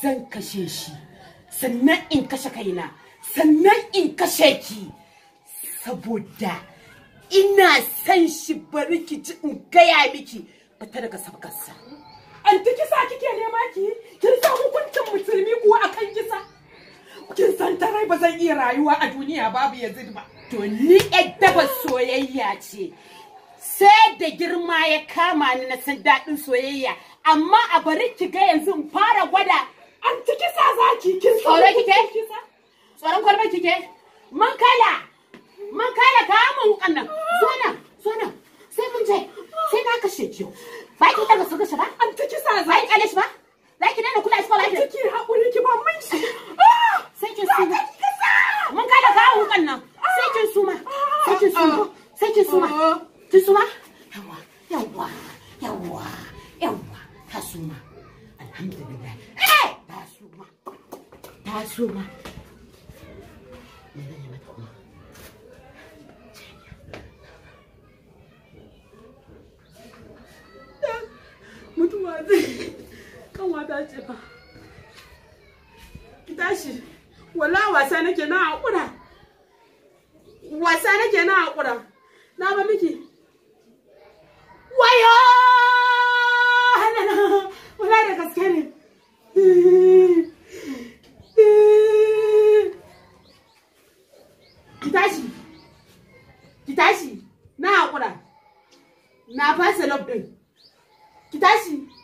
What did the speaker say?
zan kashe shi sannan in kashe kaina sannan in kashe ki saboda ina san shi bari ki ji in gaya miki ta daga sabgarsa an ta kisa kike nema ki kin sa hukuncin musulmi kuwa akan kisa kin san tarai ba zan iya rayuwa a duniya babu yazid ba to ni dafa soyayya ce sai da girma ya kama ni na san daɗin soyayya amma a bari ki ga yanzu in fara gwada an sa zaki za ki kin tsoro kike tsoron kwalba kike man kala man kala ka mun kannan zo nan zo sai mun je sai na kashe ki ba ki tarba su kashe ba an ci kisa za ki kale shi ba za ki dana kula shi ba za ki hakuri ki ba mun shi ah! sai kin suma mun kala ka mun kannan sai kin suma sai kin suma sai kin suma ah! su ma. yawa yawa yawa yawa ka suma alhamdulillah ta suma mutuwa zai kan wata ce fa ki tashi wala wasa nake na hakura wasa nake na hakura na ba miki wayo ki tashi ki tashi na haƙura na fasa lob ɗin ki tashi